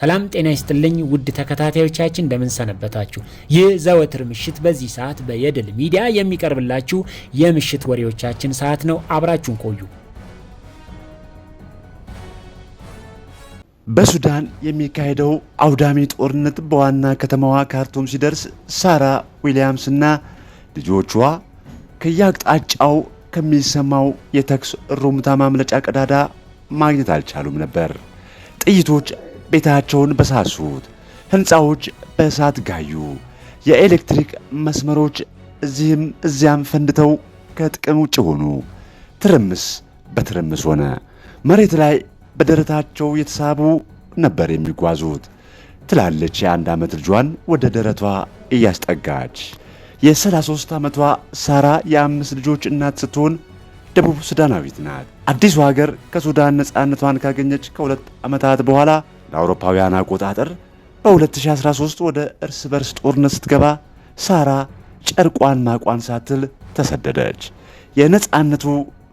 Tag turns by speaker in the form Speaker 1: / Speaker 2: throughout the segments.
Speaker 1: ሰላም ጤና ይስጥልኝ ውድ ተከታታዮቻችን እንደምን ሰነበታችሁ። ይህ ዘወትር ምሽት በዚህ ሰዓት በየድል ሚዲያ የሚቀርብላችሁ የምሽት ወሬዎቻችን ሰዓት ነው። አብራችሁን ቆዩ።
Speaker 2: በሱዳን የሚካሄደው አውዳሚ ጦርነት በዋና ከተማዋ ካርቱም ሲደርስ ሳራ ዊሊያምስ እና ልጆቿ ከየአቅጣጫው ከሚሰማው የተኩስ ሩምታ ማምለጫ ቀዳዳ ማግኘት አልቻሉም ነበር። ጥይቶች ቤታቸውን በሳሱት፣ ሕንፃዎች በእሳት ጋዩ፣ የኤሌክትሪክ መስመሮች እዚህም እዚያም ፈንድተው ከጥቅም ውጭ ሆኑ። ትርምስ በትርምስ ሆነ። መሬት ላይ በደረታቸው የተሳቡ ነበር የሚጓዙት ትላለች የአንድ ዓመት ልጇን ወደ ደረቷ እያስጠጋች። የ33 ዓመቷ ሳራ የአምስት ልጆች እናት ስትሆን ደቡብ ሱዳናዊት ናት። አዲሱ ሀገር ከሱዳን ነፃነቷን ካገኘች ከሁለት ዓመታት በኋላ ለአውሮፓውያን አቆጣጠር በ2013 ወደ እርስ በርስ ጦርነት ስትገባ ሳራ ጨርቋን ማቋን ሳትል ተሰደደች። የነፃነቱ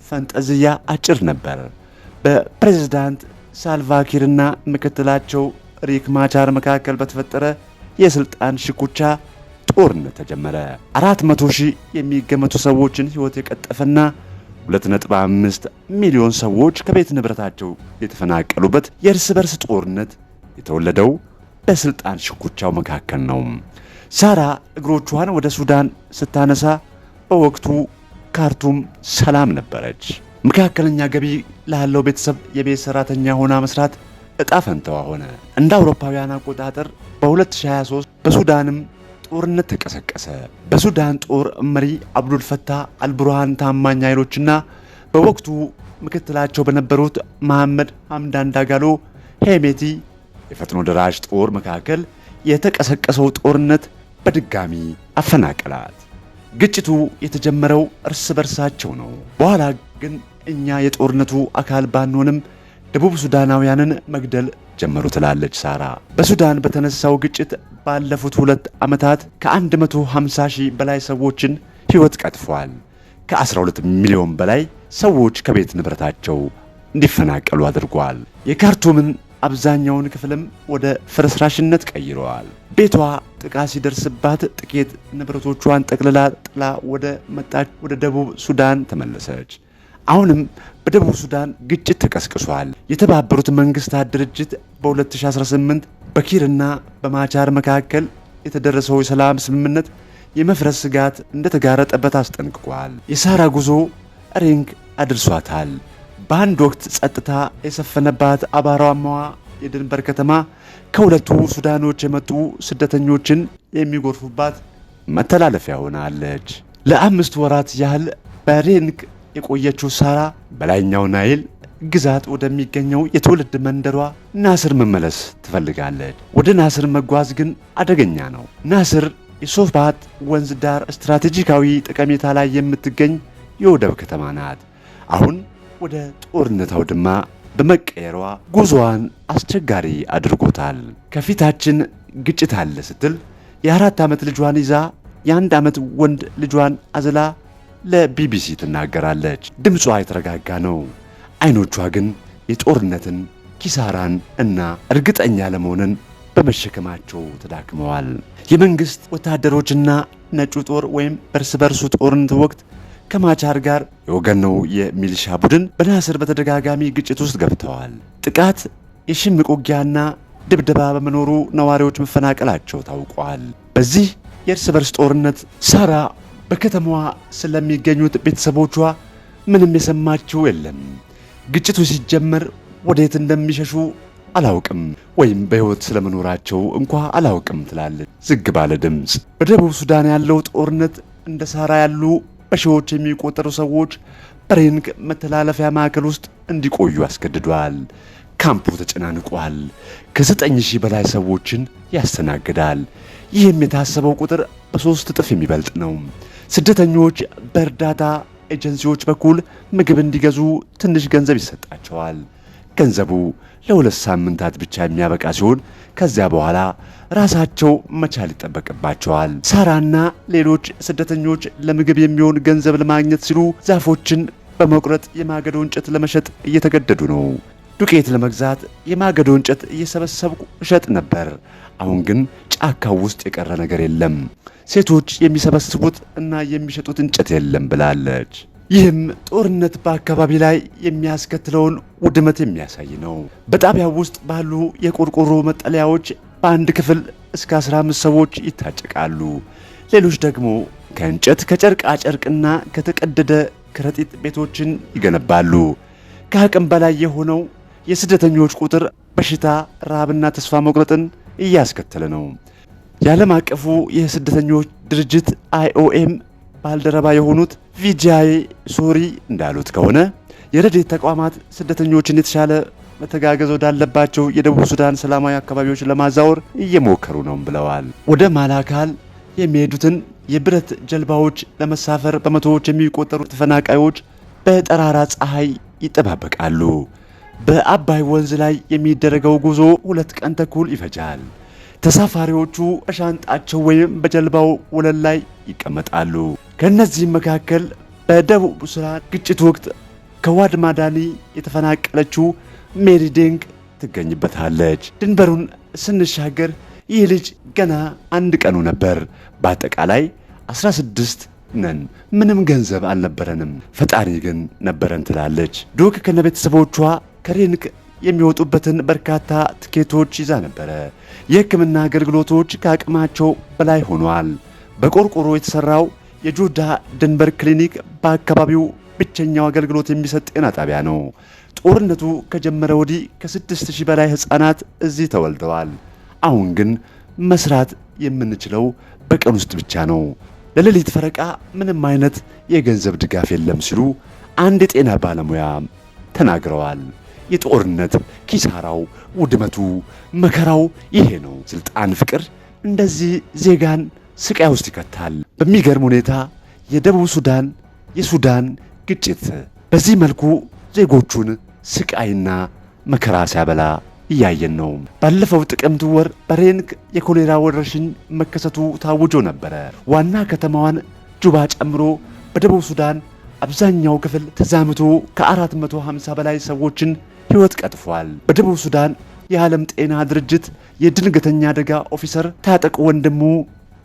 Speaker 2: ፈንጠዝያ አጭር ነበር። በፕሬዝዳንት ሳልቫኪርና ምክትላቸው ሪክ ማቻር መካከል በተፈጠረ የስልጣን ሽኩቻ ጦርነት ተጀመረ። አራት ሺህ የሚገመቱ ሰዎችን ሕይወት የቀጠፈና 2.5 ሚሊዮን ሰዎች ከቤት ንብረታቸው የተፈናቀሉበት የእርስ በርስ ጦርነት የተወለደው በስልጣን ሽኩቻው መካከል ነው። ሳራ እግሮቿን ወደ ሱዳን ስታነሳ በወቅቱ ካርቱም ሰላም ነበረች። መካከለኛ ገቢ ላለው ቤተሰብ የቤት ሰራተኛ ሆና መስራት እጣ ፈንታዋ ሆነ። እንደ አውሮፓውያን አቆጣጠር በ2023 በሱዳንም ጦርነት ተቀሰቀሰ። በሱዳን ጦር መሪ አብዱልፈታህ አልቡርሃን ታማኝ ኃይሎችና በወቅቱ ምክትላቸው በነበሩት መሐመድ ሐምዳን ዳጋሎ ሄሜቲ የፈጥኖ ደራሽ ጦር መካከል የተቀሰቀሰው ጦርነት በድጋሚ አፈናቀላት። ግጭቱ የተጀመረው እርስ በርሳቸው ነው። በኋላ ግን እኛ የጦርነቱ አካል ባንሆንም ደቡብ ሱዳናውያንን መግደል ጀመሩ ትላለች ሳራ። በሱዳን በተነሳው ግጭት ባለፉት ሁለት ዓመታት ከ150 ሺህ በላይ ሰዎችን ሕይወት ቀጥፏል። ከ12 ሚሊዮን በላይ ሰዎች ከቤት ንብረታቸው እንዲፈናቀሉ አድርጓል። የካርቱምን አብዛኛውን ክፍልም ወደ ፍርስራሽነት ቀይረዋል። ቤቷ ጥቃት ሲደርስባት ጥቂት ንብረቶቿን ጠቅልላ ጥላ ወደ መጣች ወደ ደቡብ ሱዳን ተመለሰች። አሁንም በደቡብ ሱዳን ግጭት ተቀስቅሷል። የተባበሩት መንግስታት ድርጅት በ2018 በኪርና በማቻር መካከል የተደረሰው የሰላም ስምምነት የመፍረስ ስጋት እንደተጋረጠበት አስጠንቅቋል። የሳራ ጉዞ ሪንግ አድርሷታል። በአንድ ወቅት ጸጥታ የሰፈነባት አቧራማዋ የድንበር ከተማ ከሁለቱ ሱዳኖች የመጡ ስደተኞችን የሚጎርፉባት መተላለፊያ ሆናለች። ለአምስት ወራት ያህል በሪንግ የቆየችው ሳራ በላይኛው ናይል ግዛት ወደሚገኘው የትውልድ መንደሯ ናስር መመለስ ትፈልጋለች። ወደ ናስር መጓዝ ግን አደገኛ ነው። ናስር የሶፋት ወንዝ ዳር ስትራቴጂካዊ ጠቀሜታ ላይ የምትገኝ የወደብ ከተማ ናት። አሁን ወደ ጦርነት አውድማ በመቀየሯ ጉዞዋን አስቸጋሪ አድርጎታል። ከፊታችን ግጭት አለ ስትል የአራት ዓመት ልጇን ይዛ የአንድ ዓመት ወንድ ልጇን አዝላ ለቢቢሲ ትናገራለች። ድምጿ የተረጋጋ ነው። አይኖቿ ግን የጦርነትን ኪሳራን እና እርግጠኛ ለመሆንን በመሸከማቸው ተዳክመዋል። የመንግሥት ወታደሮችና ነጩ ጦር ወይም እርስ በርሱ ጦርነት ወቅት ከማቻር ጋር የወገን ነው የሚልሻ ቡድን በናስር በተደጋጋሚ ግጭት ውስጥ ገብተዋል። ጥቃት፣ የሽምቅ ውጊያና ድብደባ በመኖሩ ነዋሪዎች መፈናቀላቸው ታውቋል። በዚህ የእርስ በርስ ጦርነት ሳራ በከተማዋ ስለሚገኙት ቤተሰቦቿ ምንም የሰማችው የለም። ግጭቱ ሲጀመር ወዴት እንደሚሸሹ አላውቅም ወይም በሕይወት ስለመኖራቸው እንኳ አላውቅም ትላለች ዝግ ባለ ድምፅ። በደቡብ ሱዳን ያለው ጦርነት እንደ ሳራ ያሉ በሺዎች የሚቆጠሩ ሰዎች በሬንክ መተላለፊያ ማዕከል ውስጥ እንዲቆዩ አስገድዷል። ካምፑ ተጨናንቋል። ከዘጠኝ ሺህ በላይ ሰዎችን ያስተናግዳል። ይህም የታሰበው ቁጥር በሦስት እጥፍ የሚበልጥ ነው። ስደተኞች በእርዳታ ኤጀንሲዎች በኩል ምግብ እንዲገዙ ትንሽ ገንዘብ ይሰጣቸዋል። ገንዘቡ ለሁለት ሳምንታት ብቻ የሚያበቃ ሲሆን ከዚያ በኋላ ራሳቸው መቻል ይጠበቅባቸዋል። ሳራና ሌሎች ስደተኞች ለምግብ የሚሆን ገንዘብ ለማግኘት ሲሉ ዛፎችን በመቁረጥ የማገዶ እንጨት ለመሸጥ እየተገደዱ ነው። ዱቄት ለመግዛት የማገዶ እንጨት እየሰበሰብኩ እሸጥ ነበር። አሁን ግን ጫካው ውስጥ የቀረ ነገር የለም። ሴቶች የሚሰበስቡት እና የሚሸጡት እንጨት የለም ብላለች። ይህም ጦርነት በአካባቢ ላይ የሚያስከትለውን ውድመት የሚያሳይ ነው። በጣቢያው ውስጥ ባሉ የቆርቆሮ መጠለያዎች በአንድ ክፍል እስከ 15 ሰዎች ይታጨቃሉ። ሌሎች ደግሞ ከእንጨት ከጨርቃ ጨርቅና ከተቀደደ ከረጢት ቤቶችን ይገነባሉ። ከአቅም በላይ የሆነው የስደተኞች ቁጥር በሽታ፣ ረሃብና ተስፋ መቁረጥን እያስከተለ ነው። የዓለም አቀፉ የስደተኞች ድርጅት አይኦኤም ባልደረባ የሆኑት ቪጃይ ሶሪ እንዳሉት ከሆነ የረድኤት ተቋማት ስደተኞችን የተሻለ መተጋገዝ ወዳለባቸው የደቡብ ሱዳን ሰላማዊ አካባቢዎች ለማዛወር እየሞከሩ ነው ብለዋል። ወደ ማላካል የሚሄዱትን የብረት ጀልባዎች ለመሳፈር በመቶዎች የሚቆጠሩ ተፈናቃዮች በጠራራ ፀሐይ ይጠባበቃሉ። በአባይ ወንዝ ላይ የሚደረገው ጉዞ ሁለት ቀን ተኩል ይፈጃል። ተሳፋሪዎቹ በሻንጣቸው ወይም በጀልባው ወለል ላይ ይቀመጣሉ። ከእነዚህም መካከል በደቡብ ሱዳን ግጭት ወቅት ከዋድ ማዳኒ የተፈናቀለችው ሜሪ ዴንግ ትገኝበታለች። ድንበሩን ስንሻገር ይህ ልጅ ገና አንድ ቀኑ ነበር። በአጠቃላይ 16 ነን። ምንም ገንዘብ አልነበረንም፣ ፈጣሪ ግን ነበረን ትላለች ዶክ ከነቤተሰቦቿ ከሬንክ የሚወጡበትን በርካታ ትኬቶች ይዛ ነበረ። የሕክምና አገልግሎቶች ከአቅማቸው በላይ ሆኗል። በቆርቆሮ የተሰራው የጆዳ ድንበር ክሊኒክ በአካባቢው ብቸኛው አገልግሎት የሚሰጥ ጤና ጣቢያ ነው። ጦርነቱ ከጀመረ ወዲህ ከስድስት ሺህ በላይ ሕፃናት እዚህ ተወልደዋል። አሁን ግን መስራት የምንችለው በቀን ውስጥ ብቻ ነው። ለሌሊት ፈረቃ ምንም አይነት የገንዘብ ድጋፍ የለም ሲሉ አንድ የጤና ባለሙያ ተናግረዋል። የጦርነት ኪሳራው፣ ውድመቱ፣ መከራው ይሄ ነው። ስልጣን ፍቅር እንደዚህ ዜጋን ስቃይ ውስጥ ይከታል። በሚገርም ሁኔታ የደቡብ ሱዳን የሱዳን ግጭት በዚህ መልኩ ዜጎቹን ስቃይና መከራ ሲያበላ እያየን ነው። ባለፈው ጥቅምት ወር በሬንክ የኮሌራ ወረርሽኝ መከሰቱ ታውጆ ነበረ። ዋና ከተማዋን ጁባ ጨምሮ በደቡብ ሱዳን አብዛኛው ክፍል ተዛምቶ ከ450 በላይ ሰዎችን ሕይወት ቀጥፏል። በደቡብ ሱዳን የዓለም ጤና ድርጅት የድንገተኛ አደጋ ኦፊሰር ታጠቅ ወንድሙ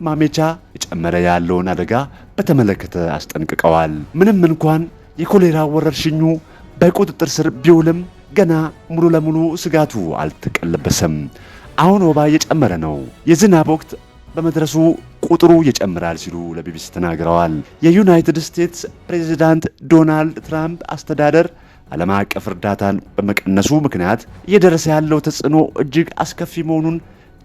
Speaker 2: ማሜቻ የጨመረ ያለውን አደጋ በተመለከተ አስጠንቅቀዋል። ምንም እንኳን የኮሌራ ወረርሽኙ በቁጥጥር ስር ቢውልም ገና ሙሉ ለሙሉ ስጋቱ አልተቀለበሰም። አሁን ወባ እየጨመረ ነው። የዝናብ ወቅት በመድረሱ ቁጥሩ ይጨምራል ሲሉ ለቢቢሲ ተናግረዋል። የዩናይትድ ስቴትስ ፕሬዚዳንት ዶናልድ ትራምፕ አስተዳደር ዓለም አቀፍ እርዳታን በመቀነሱ ምክንያት እየደረሰ ያለው ተጽዕኖ እጅግ አስከፊ መሆኑን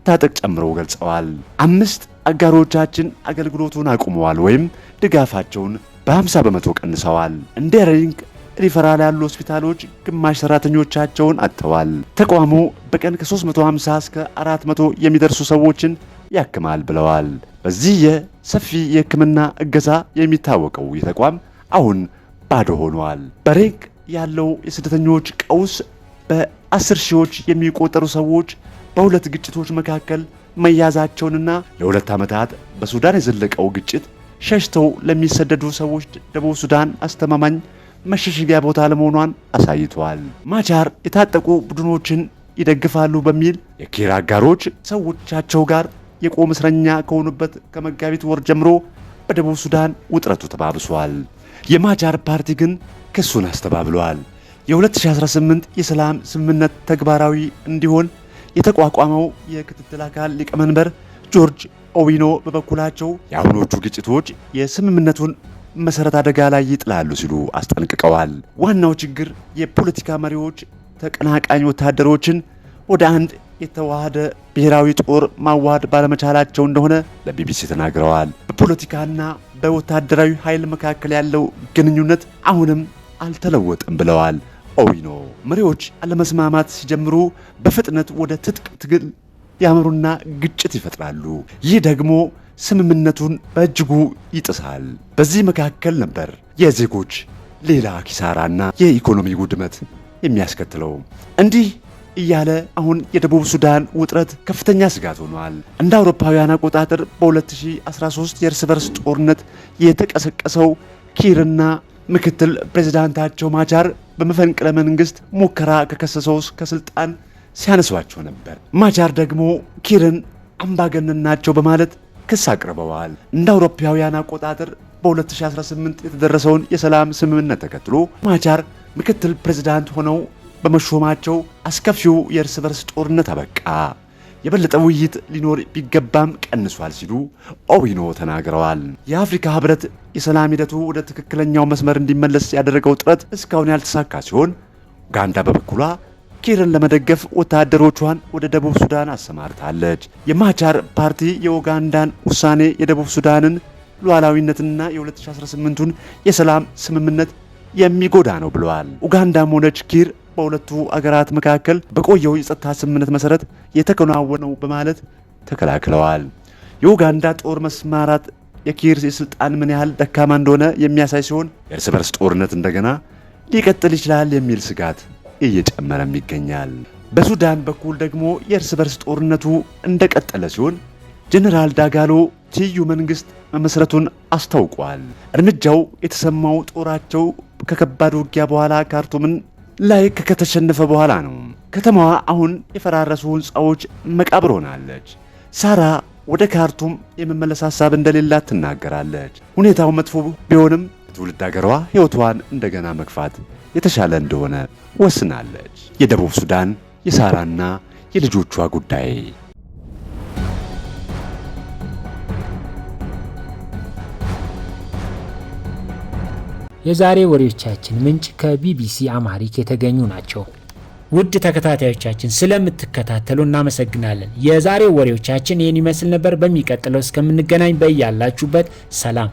Speaker 2: ታጠቅ ጨምረው ገልጸዋል። አምስት አጋሮቻችን አገልግሎቱን አቁመዋል ወይም ድጋፋቸውን በ50 በመቶ ቀንሰዋል። እንደ ሪንግ ሪፈራል ያሉ ሆስፒታሎች ግማሽ ሰራተኞቻቸውን አጥተዋል። ተቋሙ በቀን ከ350 እስከ 400 የሚደርሱ ሰዎችን ያክማል ብለዋል። በዚህ የሰፊ የሕክምና እገዛ የሚታወቀው ይህ ተቋም አሁን ባዶ ሆኗል። በሬንግ ያለው የስደተኞች ቀውስ በአስር ሺዎች የሚቆጠሩ ሰዎች በሁለት ግጭቶች መካከል መያዛቸውንና ለሁለት ዓመታት በሱዳን የዘለቀው ግጭት ሸሽተው ለሚሰደዱ ሰዎች ደቡብ ሱዳን አስተማማኝ መሸሸጊያ ቦታ ለመሆኗን አሳይቷል። ማቻር የታጠቁ ቡድኖችን ይደግፋሉ በሚል የኪር አጋሮች ሰዎቻቸው ጋር የቆም እስረኛ ከሆኑበት ከመጋቢት ወር ጀምሮ በደቡብ ሱዳን ውጥረቱ ተባብሷል። የማጃር ፓርቲ ግን ክሱን አስተባብሏል። የ2018 የሰላም ስምምነት ተግባራዊ እንዲሆን የተቋቋመው የክትትል አካል ሊቀመንበር ጆርጅ ኦዊኖ በበኩላቸው የአሁኖቹ ግጭቶች የስምምነቱን መሠረት አደጋ ላይ ይጥላሉ ሲሉ አስጠንቅቀዋል። ዋናው ችግር የፖለቲካ መሪዎች ተቀናቃኝ ወታደሮችን ወደ አንድ የተዋሃደ ብሔራዊ ጦር ማዋሃድ ባለመቻላቸው እንደሆነ ለቢቢሲ ተናግረዋል። በፖለቲካና በወታደራዊ ኃይል መካከል ያለው ግንኙነት አሁንም አልተለወጠም ብለዋል። ኦዊኖ መሪዎች አለመስማማት ሲጀምሩ በፍጥነት ወደ ትጥቅ ትግል ያመሩና ግጭት ይፈጥራሉ። ይህ ደግሞ ስምምነቱን በእጅጉ ይጥሳል። በዚህ መካከል ነበር የዜጎች ሌላ ኪሳራና የኢኮኖሚ ውድመት የሚያስከትለው እንዲህ እያለ አሁን የደቡብ ሱዳን ውጥረት ከፍተኛ ስጋት ሆኗል። እንደ አውሮፓውያን አቆጣጠር በ2013 የእርስ በርስ ጦርነት የተቀሰቀሰው ኪርና ምክትል ፕሬዚዳንታቸው ማቻር በመፈንቅለ መንግስት ሙከራ ከከሰሰው ከስልጣን ሲያነሷቸው ነበር። ማቻር ደግሞ ኪርን አምባገነን ናቸው በማለት ክስ አቅርበዋል። እንደ አውሮፓውያን አቆጣጠር በ2018 የተደረሰውን የሰላም ስምምነት ተከትሎ ማቻር ምክትል ፕሬዚዳንት ሆነው በመሾማቸው አስከፊው የእርስ በርስ ጦርነት አበቃ፣ የበለጠ ውይይት ሊኖር ቢገባም ቀንሷል ሲሉ ኦቢኖ ተናግረዋል። የአፍሪካ ህብረት የሰላም ሂደቱ ወደ ትክክለኛው መስመር እንዲመለስ ያደረገው ጥረት እስካሁን ያልተሳካ ሲሆን ኡጋንዳ በበኩሏ ኪርን ለመደገፍ ወታደሮቿን ወደ ደቡብ ሱዳን አሰማርታለች። የማቻር ፓርቲ የኡጋንዳን ውሳኔ የደቡብ ሱዳንን ሉዓላዊነትና የ2018ቱን የሰላም ስምምነት የሚጎዳ ነው ብለዋል። ኡጋንዳም ሆነች ኪር በሁለቱ አገራት መካከል በቆየው የጸጥታ ስምምነት መሰረት የተከናወነው በማለት ተከላክለዋል። የኡጋንዳ ጦር መስማራት የኪር የስልጣን ምን ያህል ደካማ እንደሆነ የሚያሳይ ሲሆን የእርስ በርስ ጦርነት እንደገና ሊቀጥል ይችላል የሚል ስጋት እየጨመረም ይገኛል። በሱዳን በኩል ደግሞ የእርስ በርስ ጦርነቱ እንደቀጠለ ሲሆን ጀኔራል ዳጋሎ ትይዩ መንግስት መመስረቱን አስታውቋል። እርምጃው የተሰማው ጦራቸው ከከባድ ውጊያ በኋላ ካርቱምን ላይክ ከተሸነፈ በኋላ ነው። ከተማዋ አሁን የፈራረሱ ህንፃዎች መቃብር ሆናለች። ሳራ ወደ ካርቱም የመመለስ ሀሳብ እንደሌላት ትናገራለች። ሁኔታው መጥፎ ቢሆንም በትውልድ ሀገሯ ህይወቷን እንደገና መግፋት የተሻለ እንደሆነ ወስናለች። የደቡብ ሱዳን የሳራና የልጆቿ ጉዳይ የዛሬ ወሬዎቻችን ምንጭ ከቢቢሲ አማሪክ የተገኙ ናቸው። ውድ ተከታታዮቻችን ስለምትከታተሉ እናመሰግናለን። የዛሬ ወሬዎቻችን ይህን ይመስል ነበር። በሚቀጥለው እስከምንገናኝ በያላችሁበት ሰላም